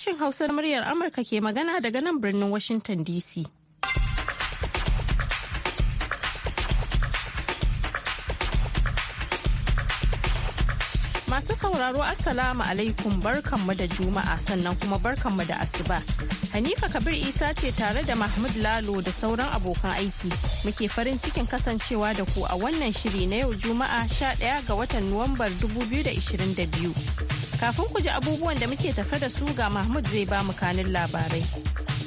Sashen Hausa na muryar Amurka ke magana daga nan birnin Washington DC. Masu sauraro Assalamu alaikum barkanmu da Juma'a sannan kuma barkanmu da Asuba. Hanifa Kabir Isa ce tare da Mahmud Lalo da sauran abokan aiki muke farin cikin kasancewa da ku a wannan shiri na yau Juma'a 11 ga watan Nuwambar 2022. Kafin ku ji abubuwan da muke tafe da su ga Mahmud zai ba mu kanin labarai.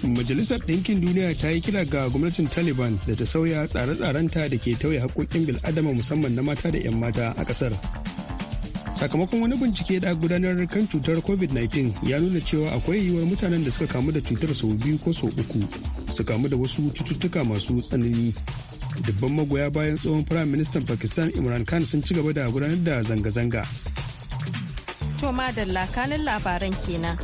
Majalisar Ɗinkin Duniya ta yi kira ga gwamnatin Taliban da ta sauya tsare-tsarenta da ke tauye haƙoƙin bil'adama musamman na mata da 'yan mata a ƙasar. sakamakon wani bincike da gudanar kan cutar covid-19 ya nuna cewa akwai yiwuwar mutanen da suka kamu da cutar sau biyu ko sau uku su kamu da wasu cututtuka masu tsanani dubban magoya bayan tsohon firayim ministan pakistan imran khan sun ci gaba da gudanar da zanga-zanga To madalla kanin labaran kenan.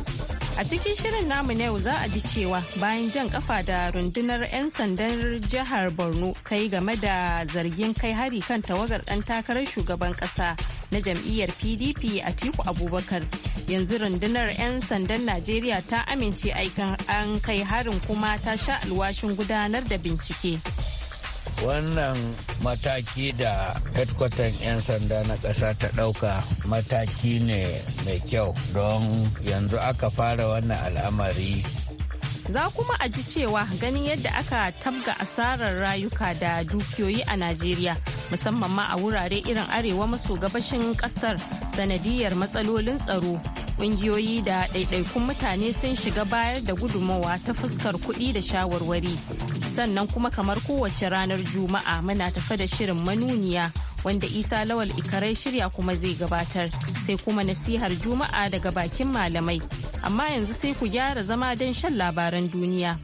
A cikin shirin namu na yau za a ji cewa bayan jan kafa da rundunar 'yan sandan jihar Borno ta yi game da zargin kai hari kan tawagar ɗan takarar shugaban ƙasa na jam'iyyar PDP a Tiku Abubakar. Yanzu rundunar 'yan sandan Najeriya ta amince aikan an kai harin kuma ta sha alwashin gudanar da bincike. wannan mataki da hedkwatan 'yan sanda na ƙasa ta ɗauka mataki ne mai kyau don yanzu aka fara wannan al'amari za kuma a ji cewa ganin yadda aka tabga asarar rayuka da dukiyoyi a najeriya musamman ma a wurare irin arewa maso gabashin kasar sanadiyar matsalolin tsaro ƙungiyoyi da ɗaiɗaikun mutane sun shiga bayar da gudummawa ta fuskar kuɗi da shawarwari sannan kuma kamar kowace ranar juma'a muna tafa da shirin manuniya wanda isa lawal ikarai shirya kuma zai gabatar sai kuma nasihar juma'a daga bakin malamai amma yanzu sai ku gyara zama don shan labaran duniya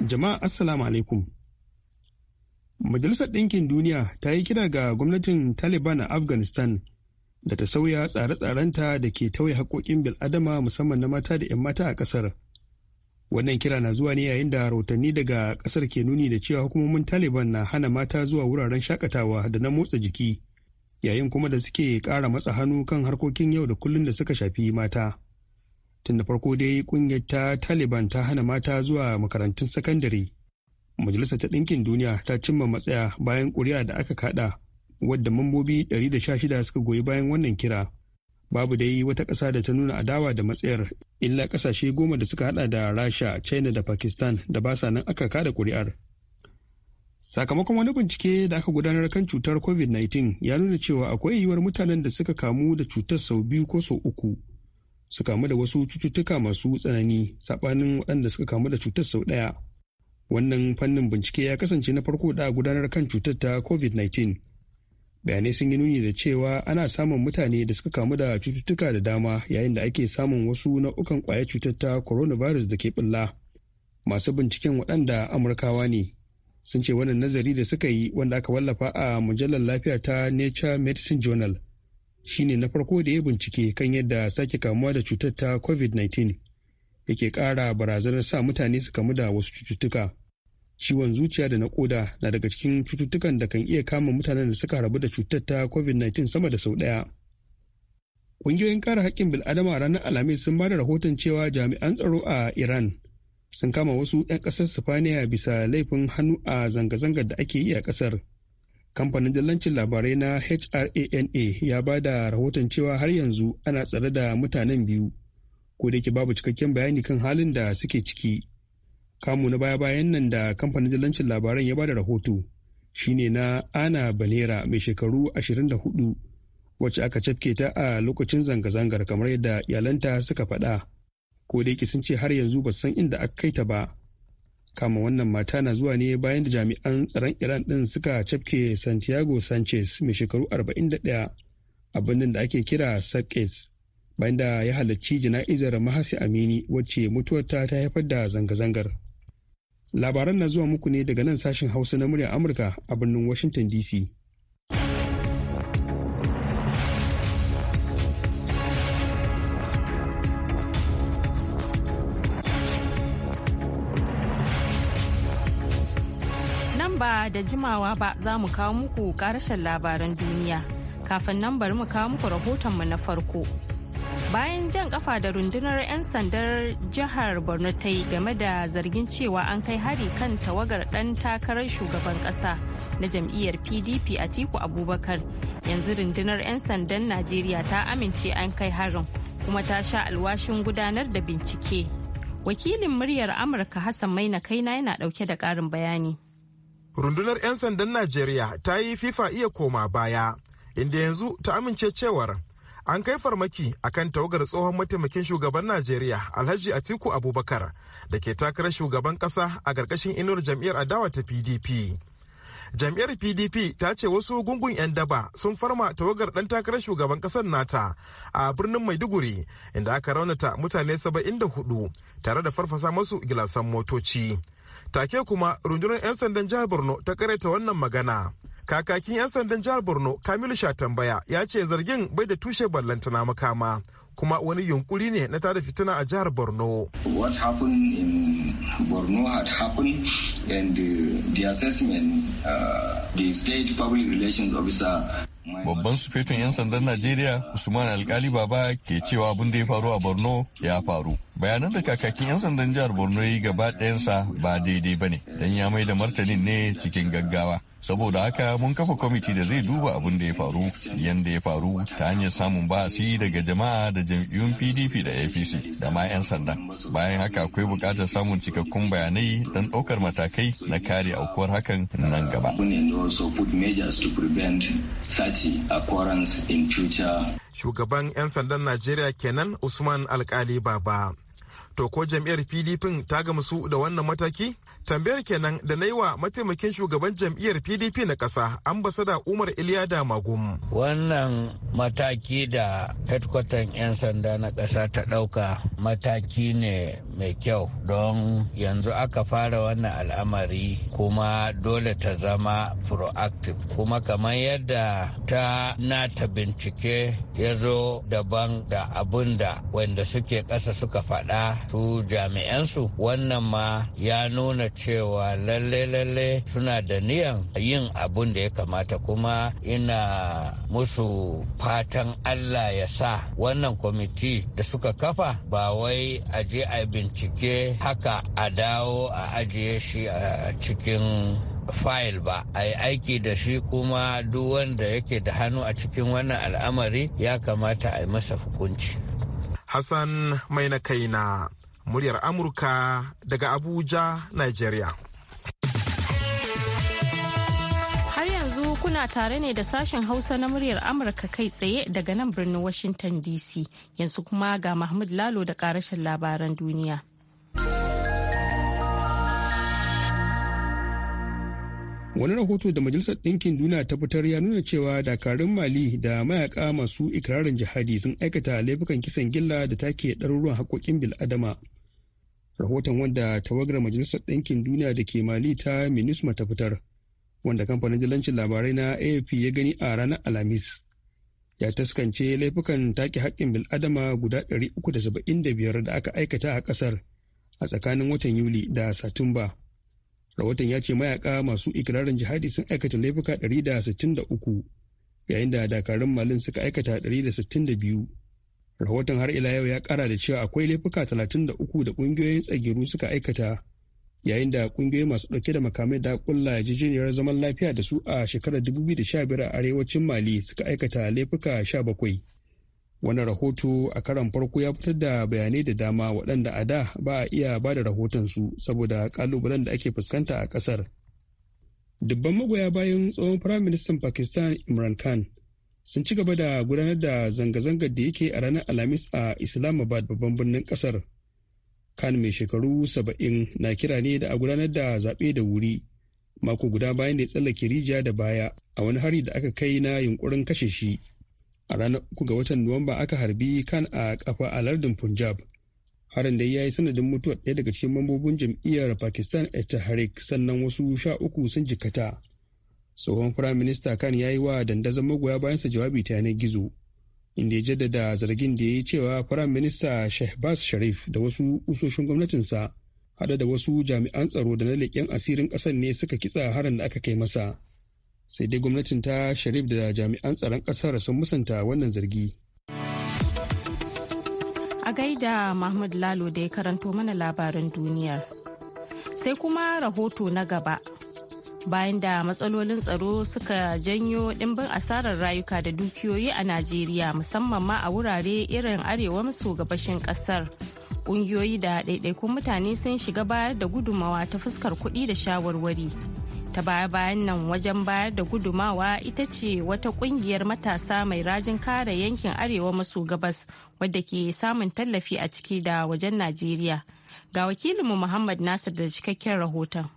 jama'a assalamu alaikum majalisar ɗinkin duniya ta yi kira ga gwamnatin taliban a afghanistan da ta sauya tsare-tsarenta da ke tauye haƙoƙin bil'adama musamman na mata da 'yan mata a ƙasar. Wannan kira na zuwa ne yayin da rahotanni daga ƙasar ke nuni da cewa hukumomin Taliban na hana mata zuwa wuraren shakatawa da na motsa jiki, yayin kuma da suke ƙara matsa hannu kan harkokin yau da kullum da suka shafi mata. Tun da farko dai ƙungiyar ta Taliban ta hana mata zuwa makarantun sakandare. Majalisar ta Ɗinkin Duniya ta cimma matsaya bayan ƙuri'a da aka kaɗa wadda mambobi 116 suka goyi bayan wannan kira babu dai wata ƙasa da ta nuna adawa da matsayar illa ƙasashe goma da suka hada da rasha china da pakistan da ba nan aka kada kuri'ar sakamakon wani bincike da aka gudanar kan cutar covid-19 ya nuna cewa akwai yiwuwar mutanen da suka kamu da cutar sau biyu ko sau uku su kamu da wasu cututtuka masu tsanani saɓanin waɗanda suka kamu da cutar sau ɗaya wannan fannin bincike ya kasance na farko da gudanar kan cutar ta covid-19 bayanai sun yi nuni da cewa ana samun mutane da suka kamu da cututtuka da dama yayin da ake samun wasu nau'ukan kwayar cutar ta coronavirus da ke bulla masu binciken waɗanda amurkawa ne sun ce wannan nazari da suka yi wanda aka wallafa a mujallar lafiya ta nature medicine journal shine na farko da ya bincike kan yadda sake kamuwa da cutar ta covid-19 yake ƙara barazanar sa mutane su kamu da wasu cututtuka ciwon zuciya da na koda na daga cikin cututtukan da kan iya kama mutanen da suka rabu da cutar ta covid-19 sama da sau ɗaya. Ƙungiyoyin kare haƙƙin bil'adama ranar Alhamis sun ba da rahoton cewa jami'an tsaro a Iran sun kama wasu 'yan ƙasar Sifaniya bisa laifin hannu a zanga-zangar da ake yi a ƙasar. Kamfanin dillancin labarai na HRANA ya ba da rahoton cewa har yanzu ana tsare da mutanen biyu, ko da babu cikakken bayani kan halin da suke ciki. kamu na baya-bayan nan da kamfanin dillancin labaran ya bada rahoto shine na ana banera mai shekaru 24 wacce aka cafke ta a lokacin zanga-zangar kamar yadda iyalanta suka faɗa ko dai yake sun ce har yanzu ba san inda aka kai ta ba kama wannan mata na zuwa ne bayan da jami'an tsaron iran ɗin suka cafke santiago sanchez mai shekaru 41 a da ake kira sakes bayan da ya halarci jana'izar mahasi amini wacce mutuwarta ta haifar da zanga-zangar labaran na zuwa muku ne daga nan sashen hausa na muryar amurka a birnin washington dc nan ba da jimawa ba za mu kawo muku karashen labaran duniya kafin nan bari mu kawo muku rahotonmu na farko bayan jan kafa da rundunar 'yan sandar jihar borno ta yi game da zargin cewa an kai hari kan tawagar dan takarar shugaban kasa na jam'iyyar pdp a tiku abubakar yanzu rundunar 'yan sandan najeriya ta amince an kai harin kuma ta sha alwashin gudanar da bincike wakilin muryar amurka hassan maina na yana dauke da karin bayani rundunar 'yan sandan najeriya ta yi fifa iya koma baya inda yanzu ta amince cewar an kai farmaki akan tawagar tsohon mataimakin shugaban najeriya alhaji atiku abubakar da ke takarar shugaban kasa a ƙarƙashin inuwar jam'iyyar adawa ta pdp jam'iyyar pdp ta ce wasu gungun 'yan daba sun farma tawagar ɗan takarar shugaban ƙasar nata a birnin maiduguri inda aka raunata mutane 74 tare da farfasa masu gilasan motoci take kuma rundunar 'yan sandan jihar borno ta karaita wannan magana kakakin 'yan sandan jihar borno kamilu shatambaya ya ce zargin bai da tushe ballantana makama kuma wani yunkuri ne na tada fitina a jihar borno what happened in borno had happened and the, uh, the assessment uh, the state public relations officer Babban sufetun 'yan sandan Najeriya Usman Alkali Baba ke cewa abin da ya faru a Borno ya faru. Bayanan da kakakin 'yan sandan jihar Borno yi gaba ɗayansa ba daidai ba ne, don ya mai da martanin ne cikin gaggawa. saboda haka mun kafa kwamiti da zai duba abin da ya faru yadda ya faru ta hanyar samun ba'asi daga jama'a da jam'iyyun pdp da apc da ma 'yan sanda bayan haka akwai bukatar samun cikakkun bayanai don ɗaukar matakai na kare aukuwar hakan nan gaba shugaban 'yan sandan najeriya kenan usman alkali baba to ko jam'iyyar pdp ta gamsu da wannan mataki tambayar kenan da na yi wa mataimakin shugaban jam'iyyar pdp na ƙasa ambasada umar da magum wannan mataki da headquarter 'yan sanda na ƙasa ta ɗauka mataki ne mai kyau don yanzu aka fara wannan al'amari kuma dole ta zama proactive kuma kamar yadda ta nata bincike ya zo daban da abun da wanda suke ƙasa suka faɗa su jami'ansu wannan ma ya nuna cewa lalle-lalle suna da niyan yin abun da ya kamata kuma ina musu fatan allah ya sa wannan kwamiti da suka kafa ba wai a je a bincike haka a dawo a ajiye shi a cikin fayil ba a yi aiki da shi kuma duk wanda yake da hannu a cikin wannan al'amari ya kamata a yi masa hukunci. Hassan mai na kaina muryar Amurka daga Abuja, Nigeria. Har yanzu kuna tare ne da sashen Hausa na muryar Amurka kai tsaye daga nan birnin Washington DC. Yanzu kuma ga Mahmud Lalo da ƙarashin labaran duniya. Wani rahoto da Majalisar Ɗinkin Duniya ta fitar ya nuna cewa dakarun Mali da mayaka masu ikirarin jihadi sun aikata laifukan kisan gilla da take ɗaruruwan haƙoƙin bil'adama. rahoton wanda tawagar majalisar ɗinkin duniya da ke mali ta minisma ta fitar wanda kamfanin jalancin labarai na afp ya gani a ranar alhamis ya taskance laifukan take haƙƙin bil'adama guda 375 da aka aikata a ƙasar a tsakanin watan yuli da satumba rahoton ya ce mayaka masu ikirarin jihadi sun aikata laifuka 163 yayin da dakarun malin suka aikata 162 rahoton har ila yau ya kara da cewa akwai laifuka 33 da kungiyoyin tsagiru suka aikata yayin da kungiyoyi masu dauke da makamai da kulla jijiyar zaman lafiya da su a shekarar 2015 a arewacin mali suka aikata laifuka 17 wani rahoto a karan farko ya fitar da bayanai da dama waɗanda a da ba a iya ba da rahoton su saboda kalubalen da ake fuskanta a ƙasar dubban magoya bayan tsohon firaministan pakistan imran khan sun ci gaba da gudanar da zanga-zangar da yake a ranar alhamis a islamabad babban birnin kasar kan mai shekaru saba'in na kira ne da a gudanar da zaɓe da wuri mako guda bayan da ya tsallake rijiya da baya a wani hari da aka kai na yunkurin kashe shi a ranar uku ga watan nuwamba aka harbi kan a kafa a lardin punjab harin da ya yi sanadin mutuwar ɗaya daga cikin mambobin jam'iyyar pakistan etaharik sannan wasu sha uku sun jikata tsohon firayim minista kan ya yi wa dandazon magoya bayansa jawabi ta yanar gizo inda ya jaddada zargin da ya yi cewa firayim minista shehbaz sharif da wasu usoshin gwamnatinsa hada da wasu jami'an tsaro da na leƙen asirin ƙasar ne suka kitsa harin da aka kai masa sai dai gwamnatin ta sharif da jami'an tsaron ƙasar sun musanta wannan zargi a gaida mahmud lalo da ya karanto mana labarin duniyar sai kuma rahoto na gaba bayan da matsalolin tsaro suka janyo ɗimbin asarar rayuka da dukiyoyi a najeriya musamman ma a wurare irin arewa maso gabashin ƙasar ƙungiyoyi da ɗaiɗaikun mutane sun shiga bayar da gudumawa ta fuskar kuɗi da shawarwari ta baya bayan nan wajen bayar da gudumawa ita ce wata ƙungiyar matasa mai rajin kare yankin arewa maso gabas wadda ke samun tallafi a ciki da wajen najeriya ga wakilinmu muhammad nasir da cikakken rahoton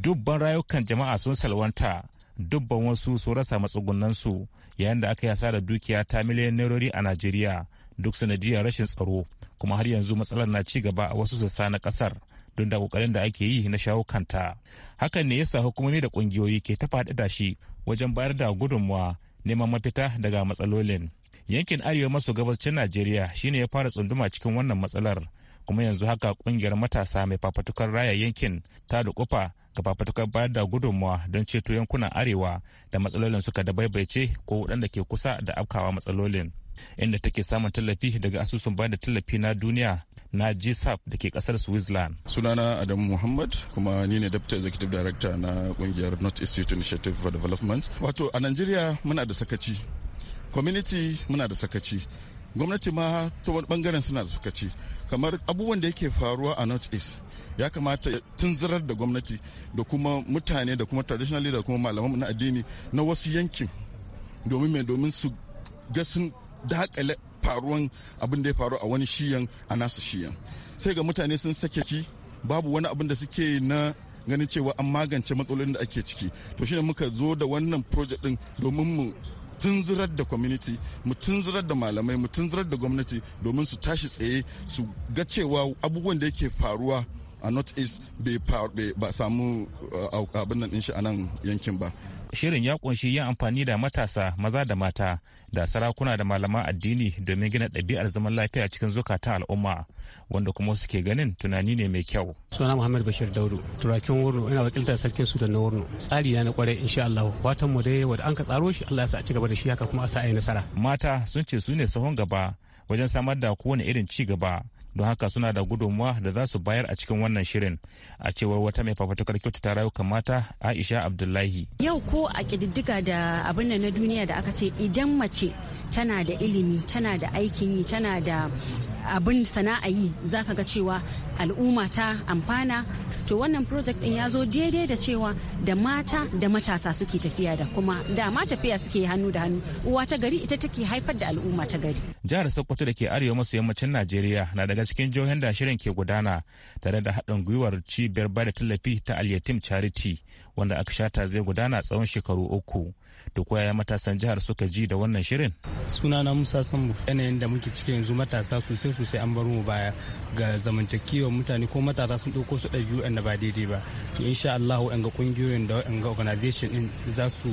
dubban rayukan jama'a sun salwanta dubban wasu sun rasa matsugunansu yayin da aka yi asarar dukiya ta miliyan nerori a najeriya duk sanadiyar rashin tsaro kuma har yanzu matsalar na ci gaba a wasu sassa na kasar don da kokarin da ake yi na shawo kanta hakan ne yasa hukumomi da kungiyoyi ke ta faɗi shi wajen bayar da gudunmuwa neman mafita daga matsalolin yankin arewa maso gabashin najeriya shine ya fara tsunduma cikin wannan matsalar kuma yanzu haka kungiyar matasa mai fafatukar raya yankin ta da dukufa ga fafatukar bayar da gudunmawa don ceto yankunan arewa da matsalolin suka da baibaice ko waɗanda ke kusa da afkawa matsalolin inda take samun tallafi daga asusun bayar da tallafi na duniya na gsap da ke kasar switzerland sunana adamu muhammad kuma ni ne deputy executive director na kungiyar north east youth initiative for development wato a nigeria muna da sakaci community muna da sakaci gwamnati ma ta wani bangaren suna da sakaci kamar abubuwan da yake faruwa a north east ya kamata ya tunzirar da gwamnati da kuma mutane da kuma traditional leader da kuma malaman na addini na wasu yankin domin mai domin su ga sun dakale faruwan abin da ya faru a wani shiyan a nasu shiyan sai ga mutane sun sake ki babu wani abin da suke na ganin cewa an magance matsalolin da ake ciki to shine muka zo da wannan project din domin mu tunzurar da community mu tunzurar da malamai mu tunzurar da gwamnati domin su tashi tsaye su ga cewa abubuwan da yake faruwa a north east bai ba samu uh, abin nan shi a nan yankin ba shirin ya kunshi yin amfani da matasa maza da mata da sarakuna da malaman addini domin gina ɗabi'ar zaman lafiya cikin zukatan al'umma wanda kuma suke ganin tunani ne mai kyau suna muhammad bashir daudu turakin wurno ina wakiltar sarkin su da na wurno tsari na kwarai insha allah watan mu dai wanda an ka tsaro shi allah ya sa a ci gaba da shi haka kuma a sa a yi nasara mata sun ce su ne sahun gaba wajen samar da kowane irin ci gaba don haka suna da gudunmuwa da za su bayar a cikin wannan shirin a cewar wata mai fafatukar ta rayuka mata aisha abdullahi yau ko a kididdiga da abin na duniya da aka ce idan mace tana da ilimi tana da aikin yi tana da abin sana'a yi za ka ga cewa al'umma ta amfana to wannan project din ya zo daidai da cewa da mata da matasa suke tafiya da kuma da ma tafiya suke hannu da hannu uwa ta gari ita take haifar da al'umma ta gari jihar sokoto da ke arewa maso yammacin najeriya na daga a cikin jihohin da shirin ke gudana tare da haɗin gwiwar cibiyar ba da tallafi ta alyatim charity wanda aka shata zai gudana tsawon shekaru uku da koyaya matasan jihar suka ji da wannan shirin suna na musa sambu yanayin da muke ciki yanzu matasa sosai sosai an bar mu baya ga zamantakewar mutane ko matasa sun ɗauko su ɗabi'u da ba daidai ba to insha allahu ga ƙungiyoyin da ga organization din za su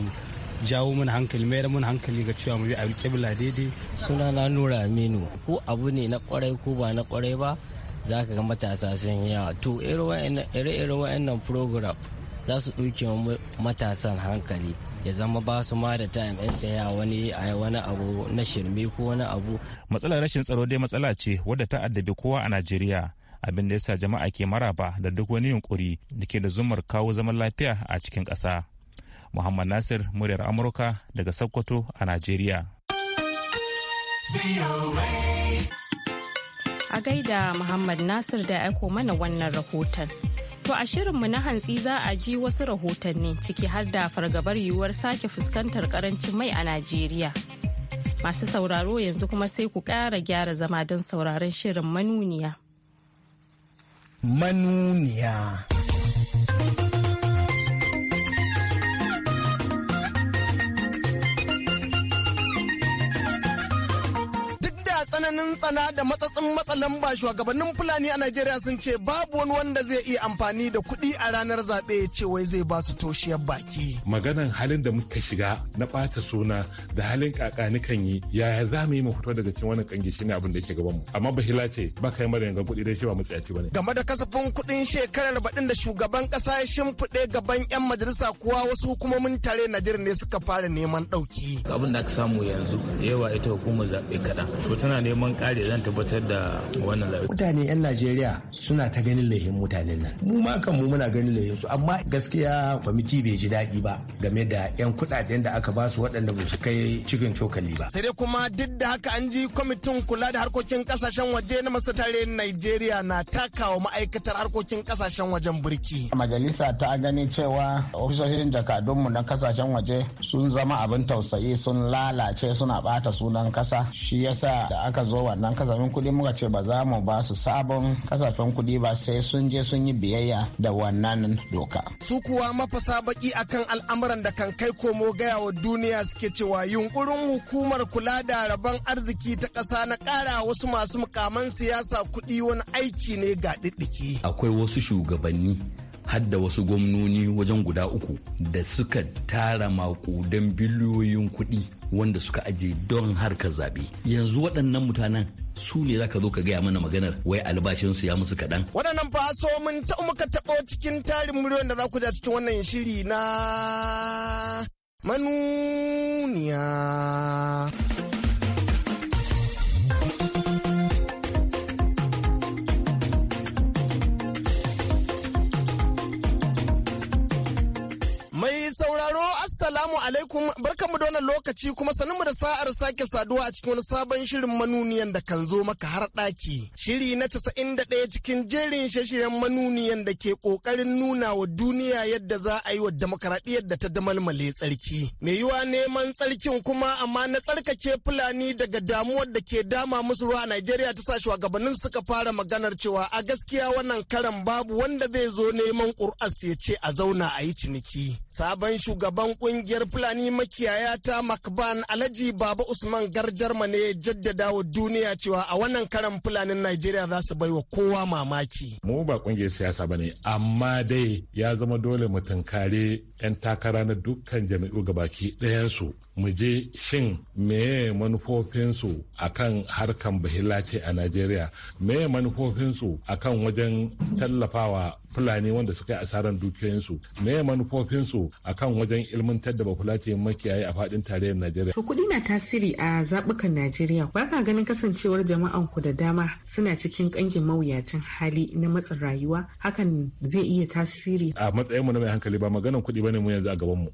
jawo mana hankali mayar mana hankali ga cewa mu bi alƙibla daidai suna na nura aminu ko abu ne na kwarai ko ba na kwarai ba za ka ga matasa sun yawa to ire-ire wa'annan program za su ɗauke matasan hankali ya zama ba su ma da time in daya wani wani abu na shirme ko wani abu. Matsalar rashin tsaro dai matsala ce wadda ta addabi kowa a Najeriya. Abin da sa jama'a ke maraba da duk wani yunkuri da ke da zumar kawo zaman lafiya a cikin ƙasa. Muhammad Nasir muryar Amurka daga Sokoto a Najeriya. A gaida Muhammad Nasir da aiko mana wannan rahoton. To a shirinmu na hantsi za a ji wasu rahotanni ciki har da fargabar yiwuwar sake fuskantar karancin mai a Najeriya. Masu sauraro yanzu kuma sai ku ƙara gyara zama don sauraron shirin manuniya. Manuniya. tsananin tsana da matsatsin matsalan lamba shugabannin Fulani a Najeriya sun ce babu wani wanda zai iya amfani da kuɗi a ranar zaɓe ya ce wai zai ba su toshiyar baki. Maganan halin da muka shiga na ɓata suna da halin kakani kan yi yaya za mu yi mu fito daga cikin wannan kange ne abin da yake gaban mu. Amma bahila ce ba kai mara yangan kuɗi dai shi ba mu tsayaci ne. Game da kasafin kuɗin shekarar baɗin da shugaban ƙasa ya shimfiɗe gaban 'yan majalisa kuwa wasu hukumomin tare Najeriya ne suka fara neman ɗauki. Abin da aka samu yanzu yawa ita hukumar zaɓe kaɗan. To tana neman mun kare zan tabbatar da wannan Mutane 'yan Najeriya suna ta ganin lahin mutanen nan. Mu ma kan muna ganin lahin su amma gaskiya kwamiti bai ji daɗi ba game da 'yan kuɗaɗen da aka basu waɗanda ba su kai cikin cokali ba. Sai dai kuma duk da haka an ji kwamitin kula da harkokin kasashen waje na masu tare Najeriya na takawa ma'aikatar harkokin kasashen wajen burki. Majalisa ta gani cewa ofisoshin jakadunmu na kasashen waje sun zama abin tausayi sun lalace suna bata sunan kasa shi yasa da aka zo wannan kasafin kuɗi muka ce ba za mu ba su sabon kasafin kuɗi ba sai sun je sun yi biyayya da wannan doka. Su kuwa mafasa baki akan al'amuran da kan kai komo gaya wa duniya suke cewa yunkurin hukumar kula da rabon arziki ta ƙasa na ƙara wasu masu mukaman siyasa kuɗi wani aiki ne ga ɗiɗɗiki. Akwai wasu shugabanni hadda wasu gwamnoni wajen guda uku da suka tara makudan biliyoyin kuɗi wanda suka aje don harkar zaɓe yanzu waɗannan mutanen su ne zaka zo ka gaya mana maganar wai albashinsu ya musu kaɗan. Waɗannan fa so mun taɓa muka taɓo cikin tarin miliyon da za ku ja cikin wannan shiri na manuniya. alaikum barkanmu da wannan lokaci kuma sanin mu da sa'ar sake saduwa a cikin wani sabon shirin manuniyan da kan zo maka har ɗaki. Shiri na casa'in da cikin jerin shashiren manuniyan da ke kokarin nuna wa duniya yadda za a yi wa demokradiyyar da ta damalmale tsarki. Me yiwa neman tsarkin kuma amma na tsarkake Fulani daga damuwar da ke dama musu ruwa a Najeriya ta sa shugabannin suka fara maganar cewa a gaskiya wannan karan babu wanda zai zo neman ƙur'as ya ce a zauna a yi ciniki. Sabon shugaban ƙungiyar Fulani makiyaya ta Makban Alhaji Baba Usman Garjarma ne jaddada wa duniya cewa a wannan karan Fulanin Najeriya za su baiwa kowa mamaki. Mu ba kungiyar siyasa bane amma dai ya zama dole mu tinkare. 'yan takara na dukkan jami'u gabaki ɗayansu mu je shin meye manufofinsu a kan harkan bahilace a najeriya meye manufofinsu a kan wajen tallafawa fulani wanda suka yi asarar dukiyoyinsu meye manufofinsu a kan wajen ilmantar da bafulace makiyayi a fadin tarayyar najeriya to kuɗi na tasiri a zaɓukan najeriya ba ka ganin kasancewar jama'an ku da dama suna cikin ƙangin mawuyacin hali na matsin rayuwa hakan zai iya tasiri a matsayin mu na mai hankali ba maganan kuɗi ba bane mu yanzu a gaban mu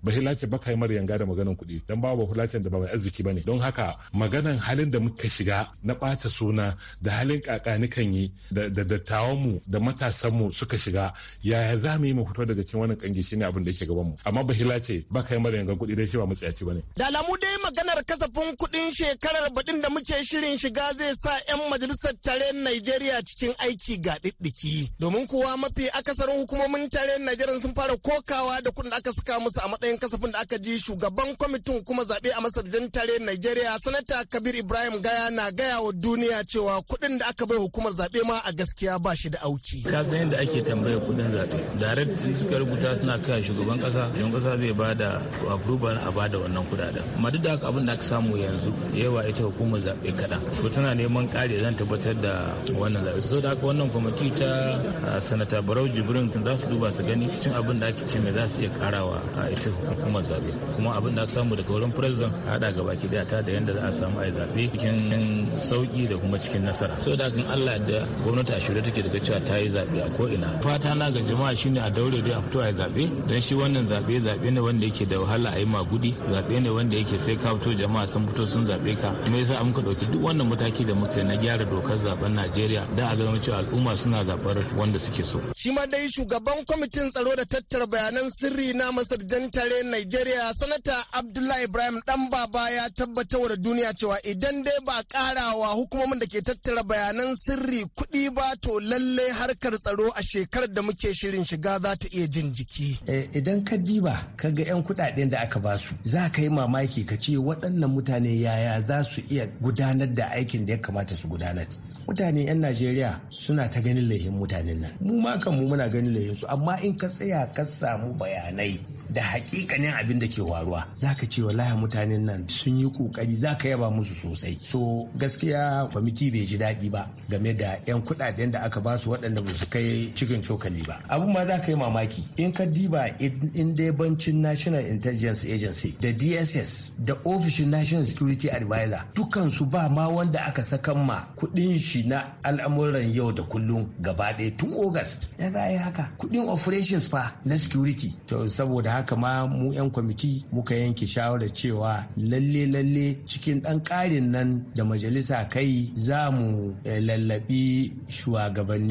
baka yi yanga da maganan kuɗi dan babu bahilacen da ba mai arziki bane don haka maganan halin da muka shiga na ɓata suna da halin kan yi da dattawan mu da matasan mu suka shiga yaya za mu yi mu fito daga cikin wannan kange shine abin da yake gaban mu amma bahilace baka yi yanga kuɗi dai shi ba matsayaci bane da lamu dai maganar kasafin kuɗin shekarar baɗin da muke shirin shiga zai sa 'yan majalisar tare Najeriya cikin aiki ga ɗiɗɗiki domin kuwa mafi akasarin hukumomin tare Najeriya sun fara kokawa da kuɗin da aka saka musu a matsayin kasafin da aka ji shugaban kwamitin kuma zaɓe a masar tare Najeriya sanata Kabir Ibrahim Gaya na gaya wa duniya cewa kuɗin da aka bai hukumar zaɓe ma a gaskiya ba shi da auki. Ka san yadda ake tambaya kuɗin zaɓe. Direct suka rubuta suna kai shugaban ƙasa, shugaban ƙasa zai ba da approval a ba da wannan kuɗaɗen. Amma duk da haka abin da aka samu yanzu yawa ita hukumar zaɓe kaɗan. ko tana neman ƙari zan tabbatar da wannan zaɓe. So da haka wannan kwamiti ta ah, sanata Barau Jibrin za su duba su gani cin abin da ake ce mai za su iya ƙara farawa a ita hukumar zabe kuma abin da aka samu daga wurin president hada ga baki daya ta da yadda za a samu a zabe cikin sauki da kuma cikin nasara so da kan Allah da gwamnati a shirye take daga cewa ta yi zabe a ko'ina fata na ga jama'a shine a daure dai a fito a zabe don shi wannan zabe zabe ne wanda yake da wahala a yi magudi zabe ne wanda yake sai ka fito jama'a sun fito sun zabe ka me yasa an ka dauki duk wannan mataki da muka na gyara dokar zaben Najeriya da a gano cewa al'umma suna zabar wanda suke so shi ma dai shugaban kwamitin tsaro da tattara bayanan sirri na na masar tare Nigeria sanata Abdullahi Ibrahim dan baba ya tabbatar da duniya cewa idan dai ba karawa hukumomin da ke tattara bayanan sirri kuɗi ba to lalle harkar tsaro a shekarar da muke shirin shiga za ta iya jin jiki. Eh, idan ka diba ka ga 'yan kuɗaɗen da aka basu za ka yi mamaki ka ce waɗannan mutane yaya za su iya gudanar da aikin da ya kamata su gudanar. Mutane 'yan Najeriya suna ta ganin laihin mutanen nan. Mu ma kan muna ganin lahin su amma in ka tsaya ka samu bayanai da hakikanin abin da ke waruwa za ka ce wallahi mutanen nan sun yi kokari ka yaba musu sosai so gaskiya kwamiti bai ji daɗi ba game da yan kuɗaɗen da aka basu waɗanda ba su kai cikin cokali ba abu ma za ka yi mamaki in ka diba in dai bancin national intelligence agency da dss da ofishin national security advisor dukkan su ba ma wanda aka sakan ma kuɗin shi na al'amuran yau da kullum gaba ɗaya tun august ya za haka kuɗin operations fa na security to saboda haka ma mu 'yan kwamiti muka yanke shawarar cewa lalle lalle cikin dan karin nan da majalisa kai za mu eh, lallabi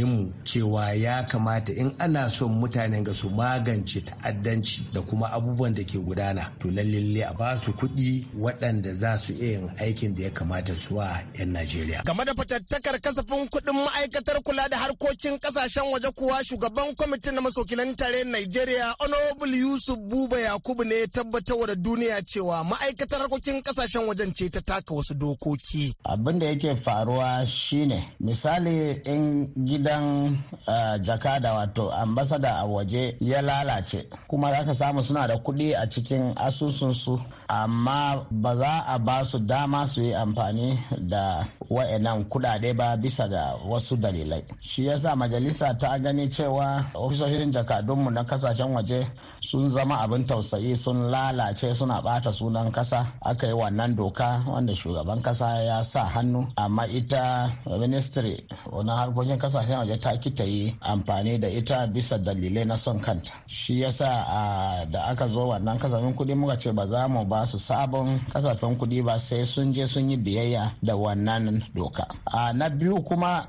mu cewa ya kamata in ana son mutane ga su magance ta'addanci da kuma abubuwan da ke gudana to lalle a ba su kuɗi waɗanda za su iya yin aikin da ya kamata su wa 'yan Najeriya. Game da fatattakar kasafin kuɗin ma'aikatar kula da harkokin ƙasashen waje kuwa shugaban kwamitin na masokilan tare Najeriya Honorable Wakil Yusuf Buba Yakubu ne ya tabbatar da duniya cewa ma'aikatar harkokin kasashen wajen ce ta taka wasu dokoki. Abin da yake faruwa shine misali in gidan uh, da wato ambasada a waje ya lalace kuma za ka samu suna da kuɗi a cikin asusunsu. amma ba za a ba su dama su yi amfani da wa'annan kudade ba bisa ga wasu dalilai shi yasa majalisa ta gani cewa ofisoshin jakadunmu na kasashen waje sun zama abin tausayi sun lalace suna bata sunan kasa aka yi wannan doka wanda shugaban kasa ya sa hannu amma ita ministry na harkokin kasashen waje ta kita yi amfani da ita bisa dalilai na son kanta shi yasa da aka zo wannan kasafin kuɗi muka ce ba za mu ba su sabon kasafin kuɗi ba sai sun je sun yi biyayya da wannan doka na biyu kuma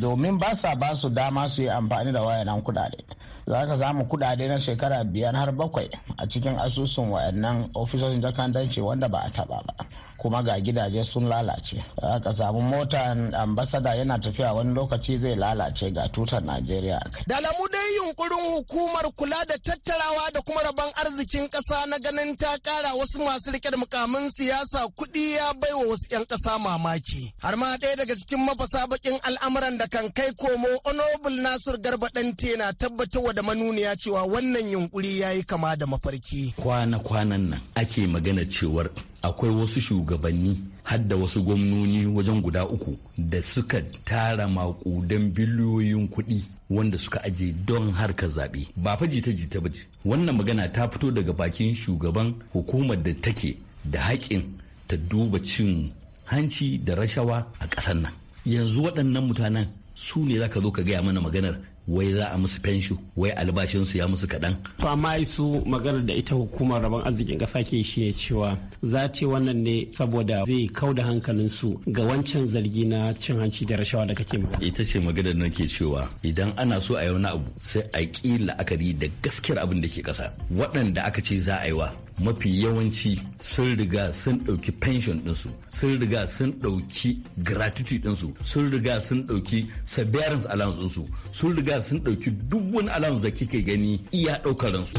domin ba sa ba su dama su yi amfani da wayannan kuɗaɗe za ka samu kuɗaɗe na shekara biyar har bakwai a cikin asusun wayannan ofisoshin jakandanci wanda ba a taɓa ba kuma ga gidaje sun lalace aka samu mota ambasada yana tafiya wani lokaci zai lalace ga tutar najeriya da lamu dai yunkurin hukumar kula da tattarawa da kuma rabon arzikin kasa na ganin ta kara wasu masu rike da mukamin siyasa kuɗi ya baiwa wasu 'yan kasa mamaki har ma ɗaya daga cikin mafasa bakin al'amuran da kan kai komo honorable nasir garba dante na tabbatarwa da manuniya cewa wannan yunkuri ya yi kama da mafarki kwana-kwanan nan ake magana cewar akwai wasu shugabanni hadda wasu gwamnoni wajen guda uku da suka tara makudan biliyoyin kuɗi wanda suka aje don harkar zaɓe ba fa jita jita ba wannan magana ta fito daga bakin shugaban hukumar da take da haƙin ta duba cin hanci da rashawa a ƙasar nan yanzu waɗannan mutanen su ne za ka zo ka gaya mana maganar wai za a musu fensho wai albashinsu ya musu kaɗan. to amma su maganar da ita hukumar rabon arzikin ƙasa ke shi ne cewa za ce wannan ne saboda zai kau da hankalinsu ga wancan zargi na cin hanci da rashawa da kake magana. ita ce maganar nake cewa idan ana so a yi wani abu sai a ƙi la'akari da gaskiyar abin da ke ƙasa waɗanda aka ce za a yi wa mafi yawanci sun riga sun ɗauki pension ɗinsu sun riga sun ɗauki gratitude ɗinsu sun riga sun ɗauki severance allowance ɗinsu sun riga sun ɗauki duk wani allowance da kike gani iya ɗaukar ransu.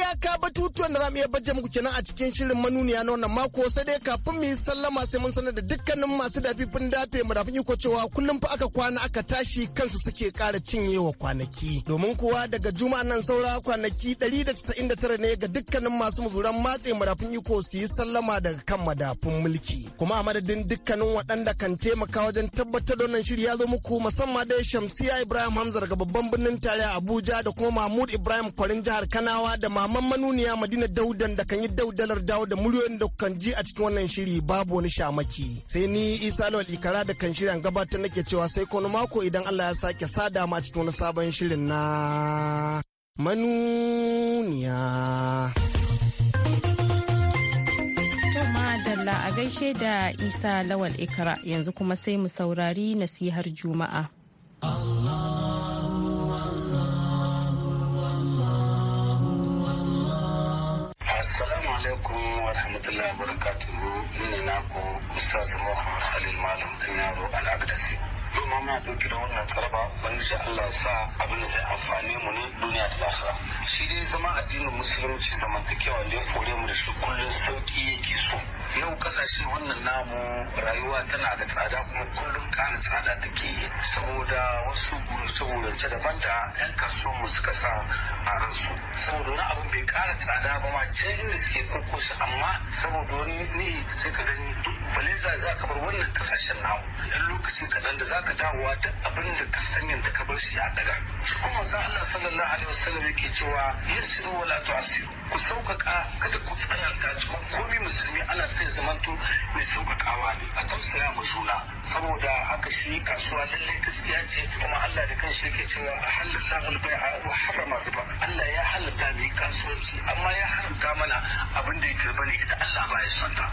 iyaka batutuwan da za mu iya bajje muku kenan a cikin shirin manuniya na wannan mako sai dai kafin mu yi sallama sai mun sanar da dukkanin masu dafifin dafe mu dafin iko cewa kullum fa aka kwana aka tashi kansu suke ƙara wa kwanaki domin kuwa daga juma'a nan saura kwanaki 199 ne ga dukkanin masu muzuran matse madafin iko su yi sallama daga kan madafin mulki kuma a madadin dukkanin waɗanda kan taimaka wajen tabbatar da wannan shiri ya zo muku musamman dai shamsiya ibrahim hamza daga babban birnin a abuja da kuma mahmud ibrahim kwarin jihar kanawa da mahmud amma manuniya madina daudan da kan yi daudalar dawo da muryoyin da kan ji a cikin wannan shiri babu wani shamaki sai ni isa lawal ikara da kan shirya gabatar nake cewa sai kono mako idan allah ya sake sada ma cikin wani sabon shirin na manuniya Allah a gaishe da Isa Lawal ikara yanzu kuma sai mu saurari nasihar Juma'a. Allah wabarakatuhu ni ne nako ustaz Muhammad Khalil Malam dan yaro al-Aqdasi yau ma muna ɗauki da wannan tsaraba ubangiji Allah ya sa abin zai amfane mu ne duniya da lafiya shi dai zama addinin musulunci zamantakewa da ya kore mu da shi kullum sauki yake so yau kasashe wannan namu rayuwa tana da tsada kuma kullum kana tsada take saboda wasu saboda ce daban da yan kasuwan mu suka sa a ransu saboda wani abin bai kara tsada ba ma can inda suke koko su amma saboda wani ne sai ka gani duk baleza za ka bar wannan kasashen namu yan lokaci kaɗan da za ka dawowa duk abin da ka san yanda ka bar shi a daga shi kuma za Allah sallallahu alaihi wasallam yake cewa yasiru wala tu'siru ku sauƙaƙa kada ku tsananta cikin komai musulmi ana sai zamanto mai sauƙaƙawa ne a tausaya ma juna saboda haka shi kasuwa lallai gaskiya ce kuma Allah da kanshi yake cewa a halalla albai'a wa harrama riba Allah ya halatta mu kasuwanci amma ya haramta mana abin da yake riba ne ita Allah ba ya son ta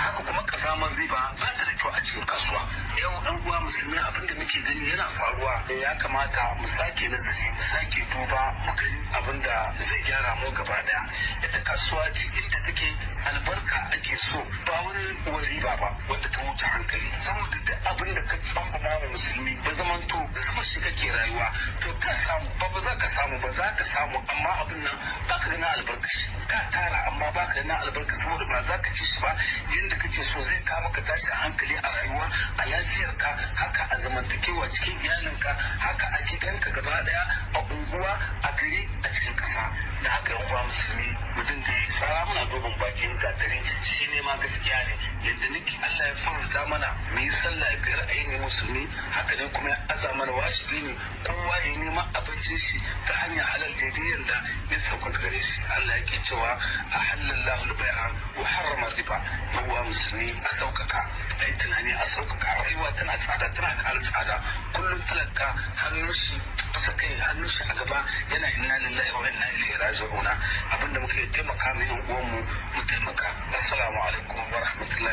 haka kuma kasamar riba ba ta da kyau a cikin kasuwa yau dan uwa musulmi abin da muke gani yana faruwa ya kamata mu sake nazari mu sake duba mu gani abin da zai gyara mu gaba daya ita kasuwa ce inda take albarka ake so ba wani waziba ba wanda ta wuce hankali saboda duk abin da ka tsamba ma musulmi ba zaman to kasar shi kake rayuwa to ka samu ba ba za ka samu ba za ka samu amma abin nan ba ka gana albarkashi ka tara amma ba ka gana albarkashi saboda ba za ka ci shi ba yadda kake so zai ka maka tashi hankali a rayuwa a lafiyarka haka a zamantakewa cikin iyalinka haka a gidanka gaba daya a unguwa a gari a cikin kasa da haka yan uwa musulmi mutum da ya sara muna dogon bakin gatari shi ne ma gaskiya ne yadda nake Allah ya farza mana mu yi sallah biyar a musulmi haka ne kuma ya aza mana wajibi ne kowa ya nema abincin shi ta hanyar halal daidai yadda bisa gare shi Allah yake cewa a halallahu bai'a wa harrama riba yawa musulmi a sauƙaƙa a yi tunani a sauƙaƙa rayuwa tana tsada tana kara tsada kullum talaka hannun shi ƙasa kai hannun shi a gaba yana inna lillahi wa inna ilaihi raji'una abinda muke taimaka mu yan uwanmu mu taimaka assalamu alaikum wa rahmatullahi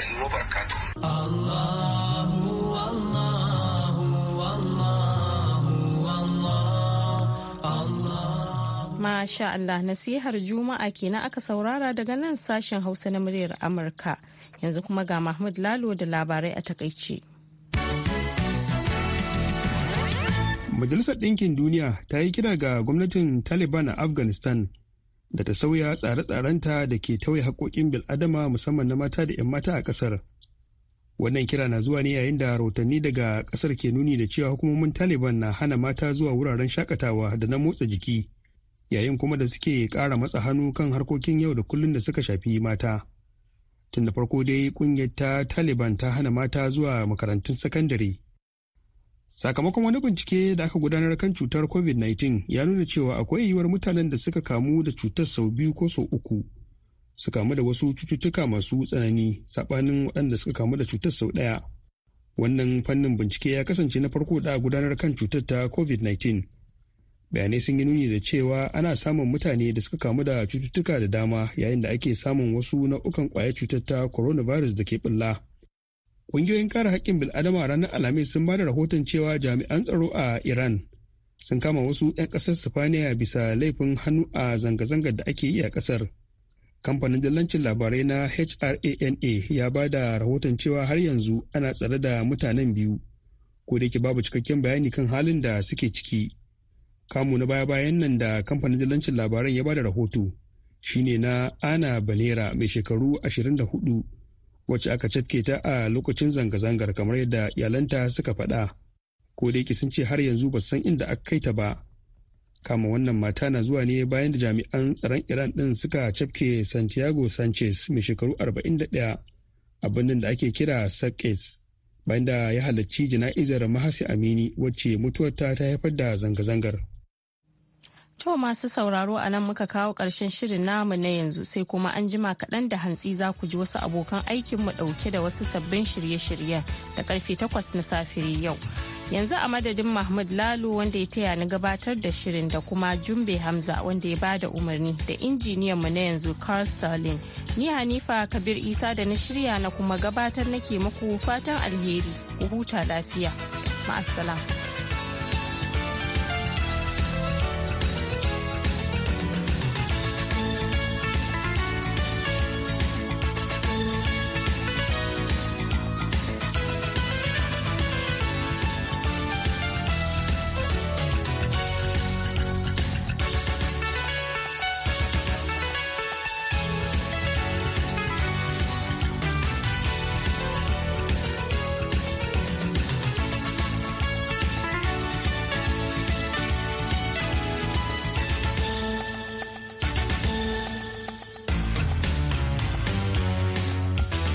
Masha Allah nasihar Juma'a kenan aka saurara daga nan sashen Hausa na muryar Amurka yanzu kuma ga Mahmud Lalo da labarai a takaice. Majalisar Ɗinkin Duniya ta yi kira ga gwamnatin Taliban a Afghanistan da ta sauya tsare-tsarenta da ke tauye haƙoƙin bil'adama musamman na mata da 'yan mata a ƙasar. Wannan kira na zuwa ne yayin da rahotanni daga ƙasar ke nuni da cewa hukumomin Taliban na hana mata zuwa wuraren shakatawa da na motsa jiki, yayin kuma da suke ƙara matsa hannu kan harkokin yau da kullum da suka shafi mata. Tun da farko dai ƙungiyar ta Taliban ta hana mata zuwa makarantun sakandare. Sakamakon wani bincike da aka gudanar kan cutar COVID-19 ya nuna cewa akwai yiwuwar mutanen da suka kamu da cutar sau biyu ko sau uku su kamu da wasu cututtuka masu tsanani saɓanin waɗanda suka kamu da cutar sau ɗaya. Wannan fannin bincike ya kasance na farko da gudanar kan cutar ta COVID-19. Bayanai sun yi nuni da cewa ana samun mutane da suka kamu da cututtuka da dama yayin da ake samun wasu nau'ukan kwayar cutar ta coronavirus da ke ɓulla. Ƙungiyoyin kare haƙƙin bil'adama ranar Alhamis sun ba da rahoton cewa jami'an tsaro a Iran sun kama wasu 'yan ƙasar Sifaniya bisa laifin hannu a zanga-zangar da ake yi a ƙasar. Kamfanin dillancin labarai na HRANA ya ba da rahoton cewa har yanzu ana tsare da mutanen biyu, ko da yake babu cikakken bayani kan halin da suke ciki. Kamu na baya-bayan nan da kamfanin dillancin labaran ya ba da rahoto shine na Ana Balera mai shekaru 24 wacce aka cafke ta a lokacin zanga-zangar kamar yadda iyalanta suka faɗa ko da sun ce har yanzu ba san inda aka kai ta ba kama wannan mata na zuwa ne bayan da jami'an tsaron iran ɗin suka cafke santiago sanchez mai shekaru 41 a birnin da ake kira sakes bayan da ya halarci jana'izar mahasi amini wacce mutuwarta ta haifar da zanga-zangar To masu sauraro a nan muka kawo ƙarshen shirin namu na yanzu sai kuma an jima kaɗan da hantsi za ku ji wasu abokan aikinmu ɗauke da wasu sabbin shirye-shiryen da karfe takwas na safiri yau. Yanzu a madadin Mahmud lalo wanda ya taya ni gabatar da shirin da kuma Jumbe Hamza wanda ya bada umarni da injiniyan mu na yanzu Carl Sterling. Ni Hanifa Kabir Isa da na shirya na kuma gabatar nake muku fatan alheri, ku huta lafiya. Ma'assalam.